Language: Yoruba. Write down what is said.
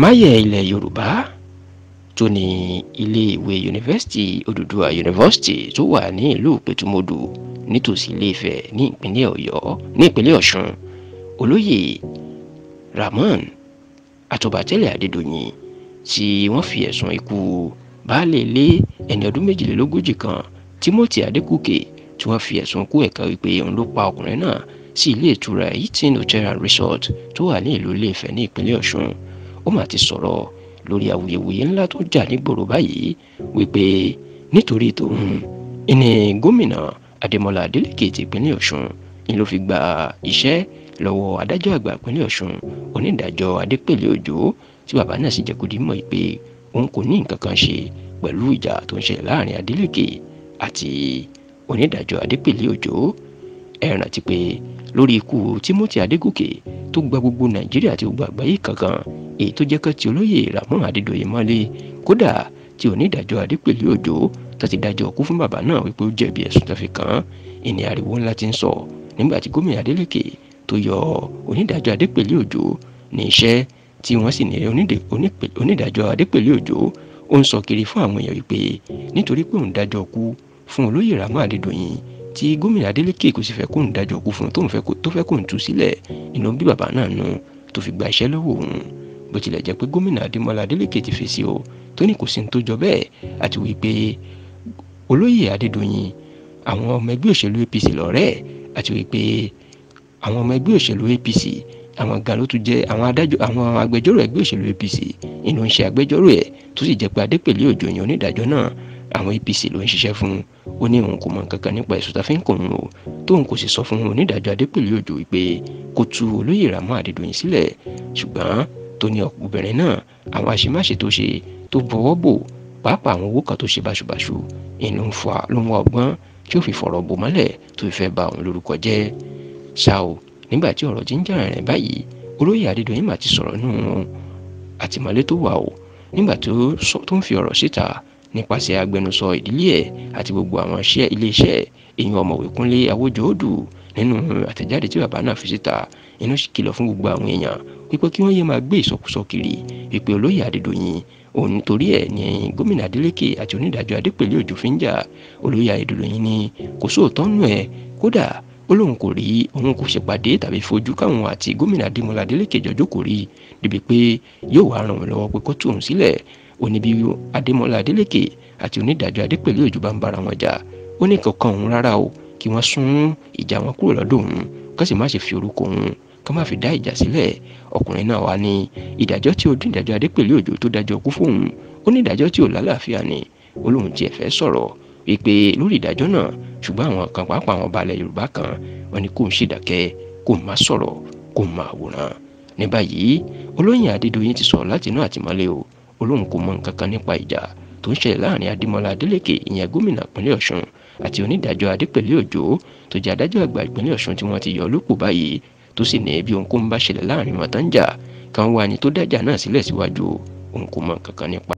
máyẹ̀ ilẹ̀ yorùbá tó ní iléèwé yunifásitì Odùduwà yunifásitì tó wà ní ìlú pétúmọ́dù nítòsí iléefẹ̀ ní ìpínlẹ̀ ọ̀yọ́ ní ìpínlẹ̀ ọ̀ṣun olóyè rahmon àtọ̀bátẹ́lẹ̀ adédọ̀yìn tí wọ́n fi ẹ̀sùn ikú baálé ilé ẹni ọdún méjìlélógójì kan timothy adékùkè tí wọ́n fi ẹ̀sùn kú ẹ̀ka wípé òun ló pa ọkùnrin náà sí ilé ìtura hilton hotel and resort tó wà ní ìlú iléefẹ̀ ní ìpínlẹ̀ ọ̀ṣun ó mà ti sọ̀rọ̀ lórí awuyewuye ńlá tó jà nígboro báyìí wípé nítorí tòun ìní gómìnà Adémọ́lá Adélékè tìpínlẹ̀ Ọ̀ṣun ni ló fi gba iṣẹ́ lọ́wọ́ adájọ́ àgbà ìpínlẹ̀ Ọ̀ṣun onídàájọ́ Adépèlé Òjó tí bàbá náà sì jẹ́ kó di mọ̀ pé òun kò ní nǹkan kan ṣe pẹ̀lú ìjà tó ń ṣẹlẹ̀ láàrin Adélékè àti onídàájọ́ Adépèlé Òjó ẹ rántí pé lórí ikú Timothy Adégòkè tó gba gbogbo Nàìjíríà àti gbogbo àgbáyé kankan èyí tó jẹ́ kán ti olóyè Ramon Adédoyin mọ́lé kódà tí onídàájọ́ Adépèlé Òjó tó ti dájọ́ ikú fún bàbá náà wípé ó jẹ̀bi ẹ̀sùn tó fi kàn án ìní ariwo ńlá ti ń sọ nígbà tí gómìnà Adeleke tó yọ onídàájọ́ Adépèlé Òjó ní iṣẹ́ tí wọ́n sì ní onídàájọ́ Adépèlé Òjó ó ń sọ kiri fún àwọn èèyàn wípé nítorí pé òun dájọ́ ikú fún olóyè Ramon Adédoyin tí gómìnà Adeleke kò sì fẹ́ kóun dájọ́ ikú fún tó fẹ́ kóun tú sílẹ̀ ìnáwó bí bàbá náà nu tó fi gba iṣẹ́ lọ́wọ́ bó tilẹ̀ jẹ́ pé gómìnà adémọlá adélèké ti fèsì o tó ní kò sí ní tó jọ bẹ́ẹ̀ àti wípé olóyè adédọ̀yìn àwọn ọmọ ẹgbẹ́ òṣèlú apc lọ́rẹ́ àti wípé àwọn ọmọ ẹgbẹ́ òṣèlú apc àwọn gan ló tún jẹ́ àwọn adájọ́ àwọn agbẹjọ́rò ẹgbẹ́ òṣèlú apc inú ń ṣe agbẹjọ́rò ẹ̀ tó sì jẹ́ pé adépèlé òjòyìn onídàájọ́ náà àwọn apc ló ń ṣiṣẹ́ fún ó ní òun kò mọ nǹkan nípa ẹ̀sùn tàfin kò ń o tóun kò sì sọ fún onídàájọ́ adépèlé òjò wípé kó tú olóyè ramọ́ adédọ̀yìn sílẹ̀ ṣùgbọ́n tó ní obìnrin náà àwọn àṣemáṣe tó ṣe tó bọwọ́ bò pàápàá àwọn owó kan tó ṣe báṣubàṣu ìlú ló ń wá ọgbọ́n tí ó fi fọ̀rọ̀ bò mọ́lẹ̀ tó fi fẹ́ ba òun lórúkọ jẹ́ ṣá o nígbà tí ọ̀rọ̀ ti ń jà rìn báyìí olóyè Adédoyin mà ti sọ̀rọ̀ nù àtìmọ́lé tó wà o nígbà tó ń fi ọ̀rọ̀ síta nípasẹ̀ agbẹnusọ ìdílé ẹ̀ àti gbogbo àwọn iṣẹ́ iléeṣẹ́ èyí ọ̀mọ̀wé Kúnlé Awójóòdù nínú àtẹ̀jáde tí bàbá náà fi síta inú sì fún gbogbo àwọn èèyàn wípé kí wọ́n yẹ máa gbé ìsọkúsọ kiri ìpè olóyè Adédoyin òun nítorí ẹ̀ ní gómìnà Adeleke àti onídàájọ́ Adépèlé Òjó fi ń jà olóyè Adédoyin ni kò sóòótọ́ nù ẹ̀ kódà ó lóun kò rí òun kò ṣèpàdé tàbí fojú káwọn àti gómìnà Adémọ́lá Adélékè jọjọ́ kò rí débi pé yóò wá ràn wọ́n lọ́wọ́ pé kó tú òun sílẹ̀ oníbi Adémọ́lá Adélékè àti onídàájọ́ Adépèlé Òjó bá ń bára wọn jà ó ní kankan òun rárá o kí wọ́n sún ìjà wọn kúrò lọ́dọ̀ òun kó fi orúkọ òun ká má fi dá ìjà sílẹ̀ ọkùnrin náà wá ní ìdájọ́ tí ó dín ìdájọ́ Adépèlé Òjó tó dájọ́ kú fóun ó ní ìdájọ́ tí ò lálàáfíà ni ó lóun tiẹ̀ fẹ́ sọ̀rọ̀ wípé lórí ìdájọ́ náà ṣùgbọ́n àwọn kan pàápàá àwọn balẹ̀ Yorùbá kan wọn ni kò ń ṣèdàkẹ́ kò má sọ̀rọ̀ kò má wòran ní báyìí olóyè Adédoyin ti sọ̀rọ̀ láti inú àtìmọ́lé o olóhùn kò mọ nǹkan kan nípa ìjà tó ń ṣẹlẹ̀ láàrin Adémọ́lá Adélékè ìyẹn gómìnà ìpínlẹ̀ Ọ̀ṣun àti onídàájọ́ Adépẹ̀lẹ́ Òjó tó jẹ́ adájọ́ àgbà ìpínlẹ̀ Ọ̀ṣun tí wọ́n ti yọ lópò báyìí tó sì ní bí ohunkóhun bá ṣẹlẹ̀ láàrin wọn tó ń jà kan wá ẹni tó dájà náà sílẹ̀ síwájú òun kankan nípa.